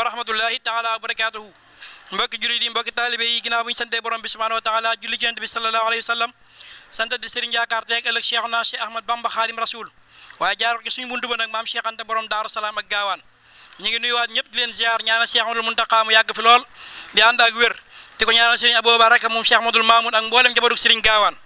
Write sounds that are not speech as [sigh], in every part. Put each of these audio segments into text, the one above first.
wa rahmatullahi taala wa barakaatuhu mbokki jullit yi mbokki taalibe yi ginnaaw bu ñu santee borom bi subhanahu wa taala julli jent bi sallallahu alayhi wa sallam sant di sëriñ yaakaar teeg ëllëg cheikhuna cheikh ahmad bamba xaadim rasul waaye jaaral ko suñu buntu ba nag maam cheikh anta borom daaru salaam ak gaawaan ñu ngi nuyuwaat ñëpp di leen ziar ñaanal cheikh amadul muntaqa mu yàgg fi lool di ànd ak wér di ko ñaanal sëriñ abou baraka moom cheikh amadul mamoun ak mboolem jabaruk sëriñ gaawaan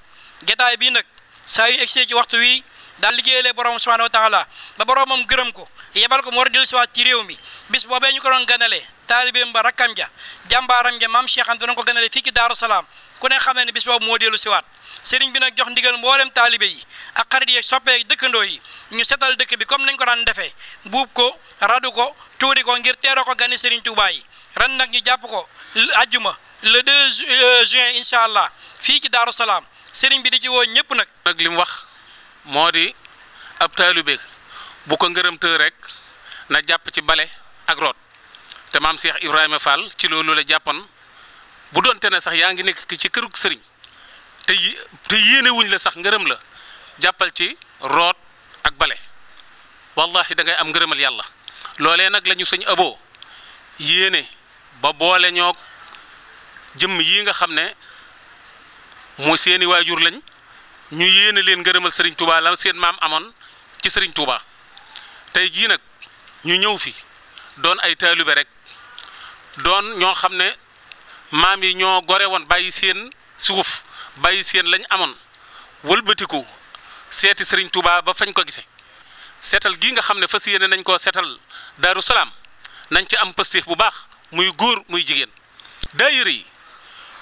gétaay bii nag saa yu egsee ci waxtu wi daal liggéeyalee borom subhanahu wa taala ba boromam gërëm ko yebal ko mu war a ci réew mi bis boobee ñu ko doon ganalee taalibeem ba rakkam ja jàmbaaram ja maam Cheikh Anta doon ko ganalee fii ci Daaru Salaam ku ne xam ne ne bis boobu moo dellu siwaat sëriñ bi nag jox ndigal mboolem taalibe yi ak xarit yi soppee dëkkandoo yi ñu setal dëkk bi comme nañ ko daan defee buub ko radu ko tuuri ko ngir teeroo ko gani sëriñ Tuubaa yi ren nag ñu jàpp ko ajjuma le 2 euh, juin incha allah fii ci Daaru Salaam sëriñ bi di ci woo ñëpp nag. nag li mu wax moo di ab taalibe bu ko ngërëmtee rek na jàpp ci bale ak root te maam Cheikh Ibrahima Fall ci loolu la jàppoon bu doonte ne sax yaa ngi nekk ci kërug sëriñ te te yéene wuñ la sax ngërëm la jàppal ci root ak bale wallahi da ngay am ngërëmal yàlla loole nag lañu ñu sëñ aboo yéene ba boole ñoo jëmm yi nga xam ne mu seeni waajur lañ ñu yéene leen ngërëmal sëriñ Touba la seen maam amoon ci sëriñ Touba. tey jii nag ñu ñëw fi doon ay taalibe rek doon ñoo xam ne maam yi ñoo gore woon bàyyi seen suuf bàyyi seen lañ amoon wëlbatiku seeti sëriñ Touba ba fañ ko gise seetal gii nga xam ne fas yéene nañ koo seetal Daaru Salaam nañ ci am pastif bu baax muy góor muy jigéen daayira yi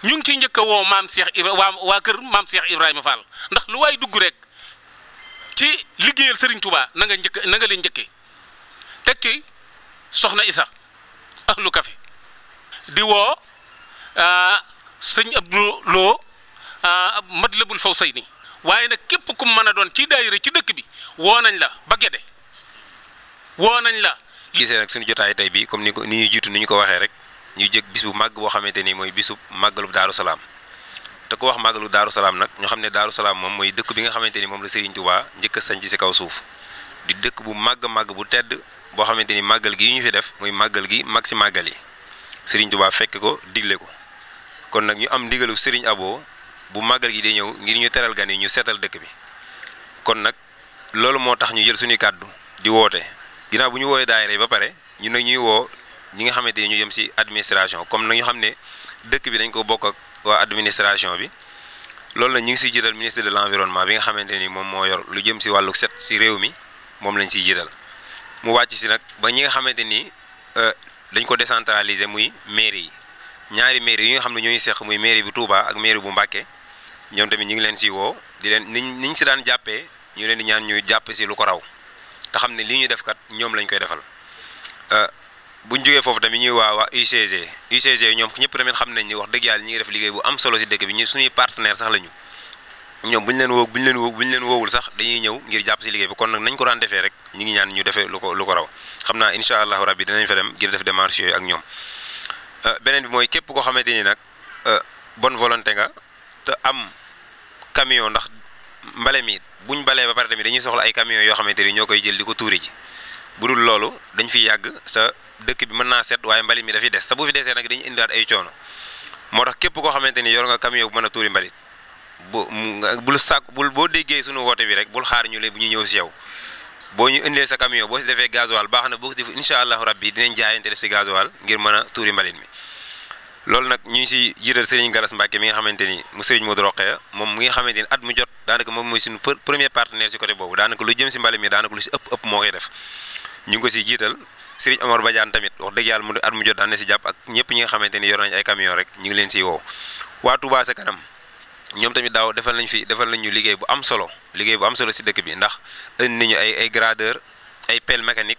ñu ngi ciy njëkk a woo maam Cheikh Ibra waa kër maam Cheikh Ibrahima Fall ndax lu waay dugg rek ci liggéeyal sëriñ Touba nanga njëkk nanga nga leen njëkkee teg ci soxna Isa ahlu kafe di woo ah, sëñ loo Abdou Lo say ah, Fawzayni waaye nag képp ku mën a doon ci rek ci dëkk bi woo nañ la ba gede woo nañ la. gisee nag suñu jotaay tey bi comme ni ko ni ñuy jiitu ni ñu ko waxee rek ñu jëg bis bu màgg boo xamante ni mooy bisu màggalub Daaru Salaam. te ku wax màggalu daaru salaam nag ñu xam ne daaru salaam moom mooy dëkk bi nga xamante ni moom la Serigne Touba njëkk a sanc kaw suuf di dëkk bu màgg màgg bu tedd boo xamante ni màggal gi ñu fi def mooy màggal gi mag si màggal yi Serigne Touba fekk ko digle ko kon nag ñu am ndigalu Serigne Abo bu màggal gi di ñëw ngir ñu teral gan yi ñu seetal dëkk bi kon nag loolu moo tax ñu jël suñuy kàddu di woote ginnaaw bu ñu woowee daayira ba pare ñu ne ñuy woo nga xamante ni ñu yem si administration comme na ñu xam ne dëkk bi dañ ko bokk ak waa administration bi loolu la ñu ngi siy jiital ministre de l'environnement bi nga xamante ni moom moo yor lu jëm si wàllu set si réew mi moom lañ siy jiital mu wàcc si nag ba ñi nga xamante ni euh, dañ ko décentraliser muy mairie yi ñaari mairie yi nga xam ne ñooñu seq muy mairie bu Touba ak mairie bu Mbacké ñoom tamit ñu ngi leen si wow di leen niñ niñ si daan jàppee ñu leen di ñaan ñuy jàpp si lu ko raw te xam ne li ñu def kat ñoom lañ koy defal euh, buñ ñu jógee foofu tamit ñuy waa waa UCG UCG ñoom ñëpp tamit xam nañ ni wax dëgg yàlla ñi ngi def liggéey bu am solo si dëkk bi ñu suñuy partenaire sax la ñu ñoom bu leen woo bu leen woo bu leen woowul sax dañuy ñëw ngir jàpp si liggéey bi kon nag nañ ko daan defee rek ñu ngi ñaan ñu defee lu ko lu ko raw xam naa incha allah rabbi dinañ fa dem ngir def démarche yooyu ak ñoom euh, beneen bi mooy képp koo xamante ni nag euh, bon volonté nga te am camion ndax mbale mi buñ balee ba pare tamit dañuy soxla ay camion yoo xamante ni ñoo koy jël di ko tuuri ji bu dul loolu dañ fi yàgg sa dëkk bi mën naa set waaye mbalit mi dafay des sa bu fi desee nag dañu indiwaat ay coono moo tax képp koo xamante ni yor nga camion bu mën a tuuri mbalit bu bul sàkk bul boo déggee suñu woote bi rek bul xaar ñu le bu ñu ñëw si yow boo ñu indee sa camion boo si defee gasoil baax na boo si def incha allahu rabbi dinañ jaayante def si gasoil ngir mën a tuuri mbalit mi loolu nag ñu ngi si jiital Serigne Galas Mbacke mi nga xamante ni mu Serigne Modou Rokhaya moom mu nga xamante ni at mu jot daanaka moom mooy suñu premier partenaire si côté boobu daanaka lu jëm si mbalit mi daanaka lu si ëpp ëpp moo koy def ñu ngi ko siy jiital Serigne Omar Badiane tamit wax dëgg yàlla mu at mu jot daan na si jàpp ak ñëpp ñi nga xamante ni yor nañ ay camion rek ñu ngi leen siy woow waa Touba sa kanam ñoom tamit daaw defal nañ fi defal nañu liggéey bu am solo liggéey bu am solo si dëkk bi ndax nañu ay ay gradeur ay pelle mécanique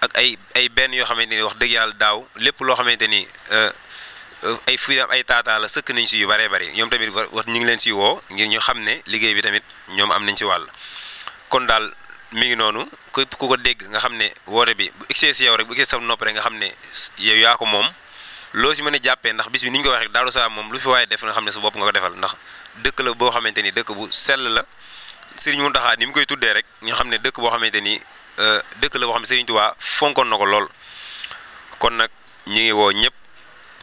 ak ay ay benn yoo xamante ni wax dëgg yàlla daaw lépp loo xamante ni euh, euh, ay fuyaam ay taataa la sëkk nañ si yu bëree bëri ñoom tamit wax ñu ngi leen si woo ngir ñu xam ne liggéey bi tamit ñoom am nañ si wàll kon daal mi ngi noonu ku ku ko dégg nga xam ne woote bi bu egsee si yow rek bu egsee sa nopp rek nga xam ne yow yaa ko moom loo si mën a jàppee ndax bis bi ni ñu ko waxee rek Daaru moom lu fi waaye def nga xam ne sa bopp nga ko defal ndax dëkk la boo xamante ni dëkk bu sell la Serigne Mountakha ni mu koy tuddee rek ñu xam ne dëkk boo xamante ni euh, dëkk la boo xam ne Serigne Touba fonkoon na ko lool kon nag ñu ngi woo ñëpp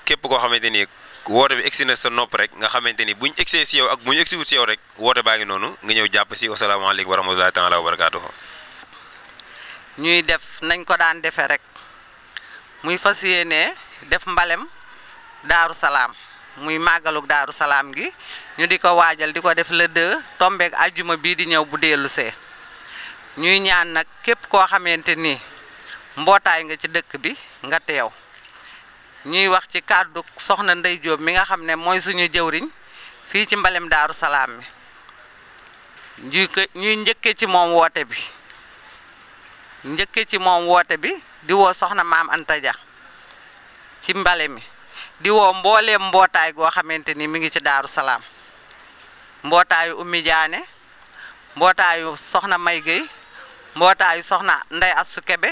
képp koo xamante ni woote bi egsi na sa nopp rek nga xamante ni bu ñu egsee si yow ak buñ egsiwut si yow rek woote baa ngi noonu nga ñëw jàpp si wasalaamaaleykum wa rahmatulahi taala wa barakaatuhu ñuy def nañ ko daan defee rek muy fas yéene def mbalem daaru salaam muy màggaluk daaru salaam gi ñu di ko waajal di ko def le deux tombeek ajjuma bii di ñëw bu dellu see ñuy ñaan nag képp koo xamante ni mbootaay nga ci dëkk bi nga teew ñuy wax ci kàddu soxna Ndey Jóob mi nga xam ne mooy suñu jëwriñ fii ci mbalem daaru salaam mi ñuy njëkke ci moom woote bi njëkke ci moom woote bi diwoo soxna maam Anta Ja ci mbale mi diwoo woo mbooleem mbootaay goo xamante ni mu ngi ci daaru salaam mbootaayu ummi mbootaayu soxna may Gueye mbootaayu soxna Ndey Assu Kebe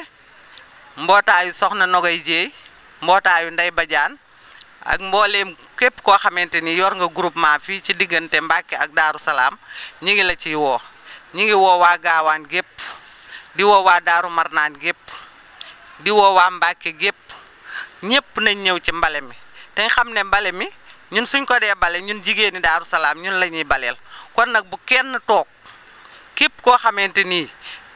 mbootaayu soxna Nogay Jéey mbootaayu ndey Badiane ak mbooleem képp koo xamante ni yor nga groupement fii ci diggante Mbàkke ak Daaru Salaam ñi ngi la ciy woo ñi ngi woo waa Gaawaan gépp di woo waa Daaru Marnaan gépp di woo waa Mbàkke gépp ñëpp nañ ñëw ci mbale mi te xam ne mbale mi ñun suñ ko dee bale ñun jigéen ñi Daaru Salaam ñun lañuy baleel kon nag bu kenn toog képp koo xamante ni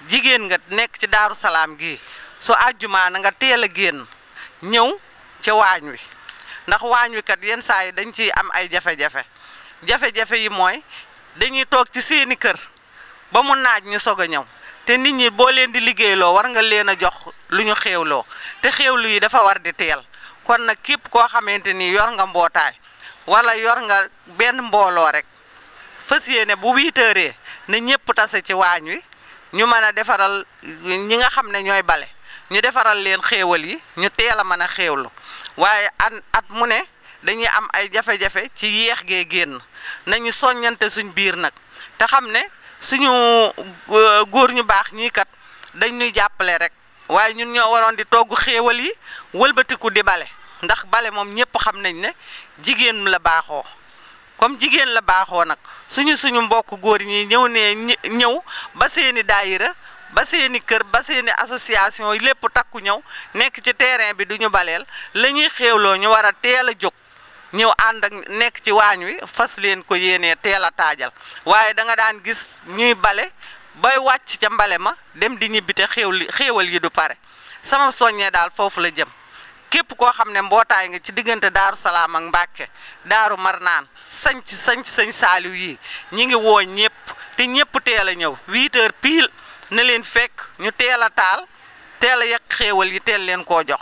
jigéen nga nekk ci Daaru Salaam gi su àjjuma na nga teel a génn ñëw ca waañ wi ndax waañ wi kat yenn saa yi dañ ciy am ay jafe-jafe jafe-jafe yi mooy dañuy toog ci seeni kër ba mu naaj ñu soog a ñëw te nit ñi boo leen di liggéeyloo war nga leen a jox lu ñu xéewloo te xéewlu yi dafa war di teel kon nag képp koo xamante ni yor nga mbootaay wala yor nga benn mbooloo rek fas yéene bu huit na ñëpp tase ci waañ wi ñu mën a defaral ñi nga xam ne ñooy bale ñu defaral leen xéewal yi ñu teel a mën a xéewlu waaye an at mu ne dañuy am ay jafe-jafe ci yéex gee génn nañu soññante suñ biir nag te xam ne suñu góor ñu baax ñii kat dañ ñuy jàppale rek waaye ñun ñoo waroon di togg xéewal yi wëlbatiku di bale ndax bale moom ñëpp xam nañ ne jigéen la baaxoo comme jigéen la baaxoo nag suñu suñu mbokk góor ñi ñëw ne ñëw ba seeni daayira ba ni kër ba seeni association lépp takku ñëw nekk ci terrain bi du ñu baleel la ñuy xéewloo ñu war a teel a jóg ñëw ànd ak nekk ci waañ wi fas leen ko yéenee teel a taajal waaye da nga daan gis ñuy bale bay wàcc ca mbale ma dem di ñibbite xéewli xéewal yi du pare sama soññee daal foofu la jëm képp koo xam ne mbootaay nga ci diggante daaru salaam ak mbàkke daaru marnaan sañc sañc sañ saaliw yi ñu ngi woo ñëpp te ñëpp teel a ñëw 8 heures na leen fekk ñu teel a taal teel a yàq xéewal yi teel leen koo jox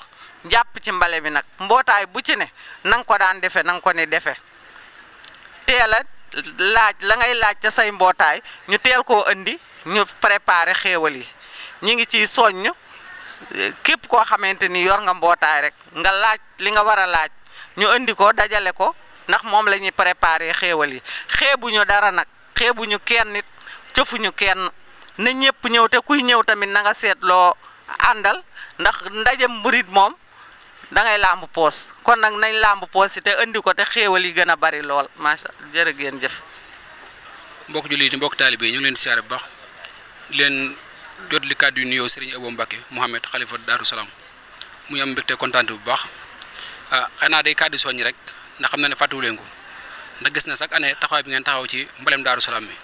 jàpp ci mbale bi nag mbootaay bu ci ne nanga ko daan defe nanga ko ni defe teel a laaj la ngay laaj ca say mbootaay ñu teel koo indi ñu préparer xéewal yi ñi ngi ciy soññ képp koo xamante ni yor nga mbootaay rek nga laaj li nga war a laaj ñu indi ko dajale ko ndax moom la ñuy préparer xéewal yi xeebuñu dara nag xeebuñu kenn nit cëfuñu kenn ne ñëpp ñëw te kuy ñëw tamit na nga seet loo àndal ndax ndaje murit moom da ngay làmb poos kon nag nañ làmb poos yi te indi ko te xéewal yi gën a bari lool macha allah jërë ngeen jëf. mbokk jullit yi mbokk taalibe yi ñu leen di siyaare bu baax leen jot li kàddu yu nuyoo Serigne Abo Mbacke Mouhamed xalifa Daaru Salaam muy am mbégte kontaan bu baax ah xanaa day kàddu soññi rek ndax xam na ne fàttewu leen ko ndax gis na chaque ane taxawaay bi ngeen taxaw ci mbalem Daaru Salaam mi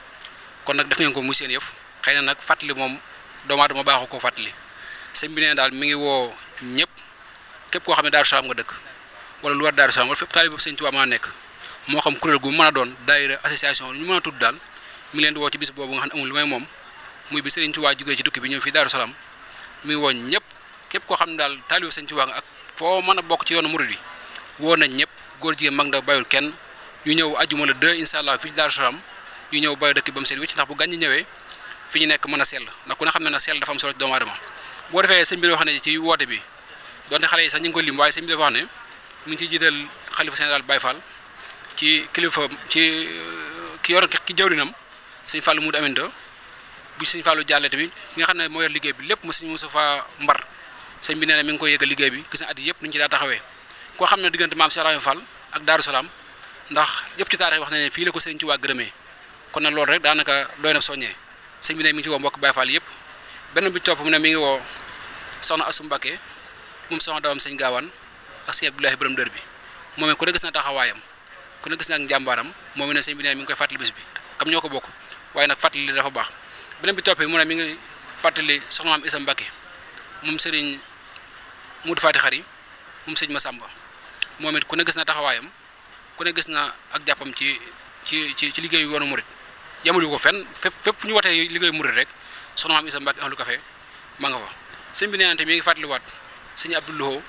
kon nag def ngeen ko muy seen yëf. xëy na nag fàttali moom doomu aadama baaxu koo fàttali sëñ bi nee daal mi ngi woo ñëpp képp koo xam ne Daaru Salaam nga dëkk wala lu war Daaru Salaam wala fépp taalibe bu sëñ Tuubaa a nekk moo xam kuréel gu mën a doon daayira association ñu mën a tudd daal mi leen di woo ci bis boobu nga xam ne amul lu moom muy bi sëriñ Tuubaa jógee ci tukki bi ñëw fii Daaru woo ñëpp képp koo xam ne daal taalibe sëñ Tuubaa nga ak foo man a bokk ci yoonu murid yi woo nañ ñëpp góor jigéen mag ndaw bayul kenn ñu ñëw ajuma la deux incha allah fii ci Daaru Salaam ñëw bay dëkk ba mu seet wécc ndax bu gàññi ñëwee fi ñu nekk mën a sell ndax ku xam ne na sell dafa am solo ci doomu aadama boo defee sëñ bi wax ne ci woote bi donte xale yi sax ñu ngi ko lim waaye sëñ bi wax ne mu ngi ciy jiital xalifa général Baye ci kilifa ci euh, ki yor ki jawrinam sëñ Fallou Moudou Aminta bu sëñ Fallou jàllee tamit ki nga xam ne moo yor bi lépp mu sëñ Moustapha Mbar sëñ bi nee mi ngi koy yëgal liggéey bi gis na at yëpp ni ñu ci daa taxawee koo xam ne diggante maam Cheikh Rahim Fall ak Daaru Salaam ndax yëpp ci taarix wax na ne fii la ko sëriñ ci waa gërëmee kon na loolu rek daanaka doy na soññee sëñ bi ne mi ngi ci woo mbokk Baye Fall yëpp benn bi topp mu ne mi ngi woo soxna Assou Mbacké moom soxna dawam sëñ Gaawaan ak sëñ Abdoulahi borom dër bi moom ku ne gis na taxawaayam ku ne gis na ak njàmbaaram moom ne sëñ mi ngi koy fàttali bis bi xam ñoo ko bokk waaye nag fàttali dafa baax bi toppee mu ne mi ngi fàttali soxna am Isa moom sëriñ Mudu Faati Xari sëñ Masamba moom it ku ne gis na taxawaayam ku ne gis na ak jàppam ci ci ci ci liggéeyu yoonu murit yemul ko fenn fépp fépp fu ñu watee liggéey murid rek soxna maam Isa Mbàkke ahlu café ma nga fa sëñ bi nee mi ngi fàttaliwaat sëñ Abdoulaho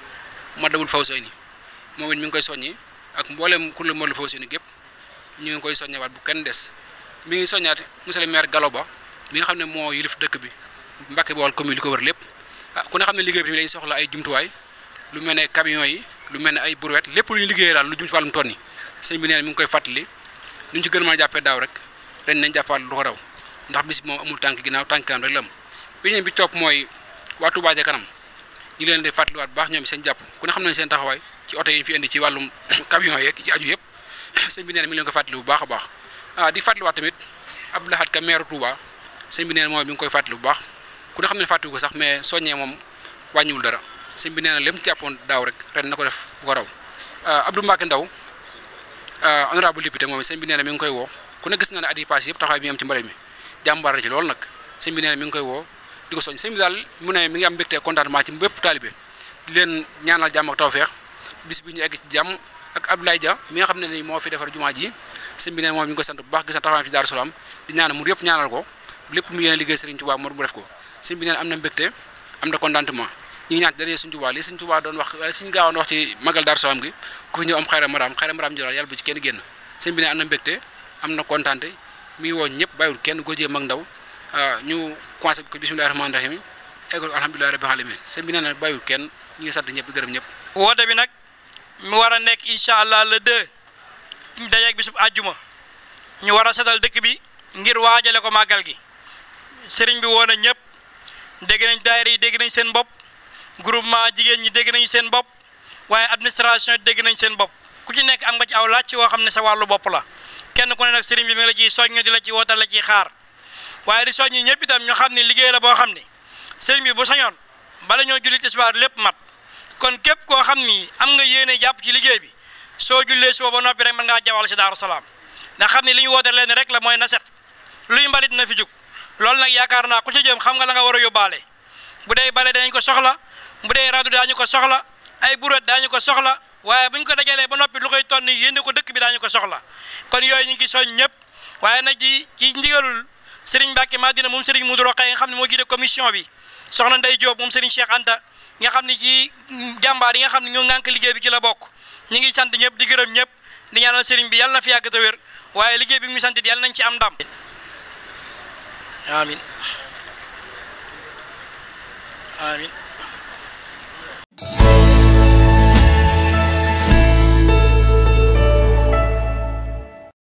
Madawul Fawsayni moom it mi ngi koy soññi ak mboolem kuréel Madawul Fawsayni gépp ñu ngi koy soññewaat bu kenn des mi ngi soññaat monsieur maire Gallo Ba mi nga xam ne moo yilif dëkk bi Mbàkke Bawol commune ko wër lépp ah ku ne xam ne liggéey bi dañuy soxla ay jumtuwaay lu mel ne camion yi lu mel ne ay brouette lépp lu ñu liggéeyee daal lu jëm ci ton toon yi bi nee na mi ngi koy fàttali ñu ci gën mën a jàppee daaw rek ren nañ jàppaat lu ko raw ndax bis bi moom amul tànk ginnaaw tànk kanam rek la am beneen bi topp mooy waa Touba ca kanam ñu leen de fàttaliwaat bu baax ñoom seen jàpp ku ne xam nañ seen taxawaay ci oto yi ñu fi indi ci wàllum [coughs] camion yeeg ci yëpp [coughs] sëñ bi nee ko fàttali bu baax baax ah di fàttaliwaat tamit Abdou Lahad Ka maire Touba mooy mi ngi koy fàttali bu baax ku ne xam ne fàttali ko sax mais soññee moom wàññiwul dara sëñ bi nee na jàppoon daaw rek ren na ko def bu ko raw ah, Abdou Mbacke Ndaw ah, honorable député moom sëñ bi nee mi ngi koy wo ku gis na ne at yi passé yëpp taxawaay bi am ci mbare mi nag sëñ moo fi defar jumaa ji sëñ bi nee moom mi ngi ko sant bu baax gis na taxawaayam ci Daaru Salaam di ñaanal mu yëpp ñaanal ko lépp mu yéene liggéey Sëriñ Tuubaa mu def ko sëñ bi nee am na mbégte am na contentement ñi ñaan ci daree Sëriñ Tuubaa li Sëriñ Tuubaa doon wax wala Sëriñ Gaawaan wax ci magal Daaru Salaam gi ku fi ñëw am xayra maraam xayra bu ci kenn génn sëñ bi nee am na mbégte am na kontaante mi ngi woo ñëpp bàyyiwul kenn góor jigéen mag ndaw ah, ñu commencé ko bismillahi rahmaani rahim eggul alhamdulillahi rabbil alamin sëñ bi nee na bàyyiwul kenn ñu ngi sant ñëpp gërëm ñëpp woote bi nag mu war a nekk incha allah le deux ñu dajeeg bisub àjjuma ñu war a setal dëkk bi ngir waajale ko màggal gi sëriñ bi woo na ñëpp dégg nañ daayira yi dégg nañ seen bopp groupement jigéen ñi dégg nañ seen bopp waaye administration dégg nañ seen bopp ku ci nekk am nga ci aw laaj ci xam ne sa wàllu bopp la kenn ku ne nag sëriñ bi mi ngi la ciy soññ di la ci wootal la ciy xaar waaye di soññ ñëpp itam ñoo xam ne liggéey la boo xam ne sëriñ bi bu soñoon bala ñoo jullit tisbaar lépp mat kon képp koo xam ni am nga yéene jàpp ci liggéey bi soo jullee soo ba noppi rek ngaa jawal si daaru salaam ndax xam ne li ñu woote leen rek la mooy naset luy mbalit na fi jug loolu nag yaakaar naa ku ci jëm xam nga la nga war a yóbbaale bu dee bale danañ ko soxla bu dee raadu daañu ko soxla ay buret daañu ko soxla waaye bu ñu ko dajalee ba noppi lu koy tonni yénni ko dëkk bi daañu ko soxla kon yooyu ñu ngi soñ ñëpp waaye na ji ci ndigalul Serigne Mbacke Madina moom Serigne Modou Rokhaya nga xam ne moo jiite commission bi soxna Ndey Diop moom Serigne Cheikh Anta nga xam ne ci jàmbaar yi nga xam ne ñoo ŋànk liggéey bi ci la bokk ñu ngi sant ñëpp di gërëm ñëpp di ñaanal Serigne bi yàlla na fi yàgg te wér waaye liggéey bi mu sant yàlla nañ ci am ndam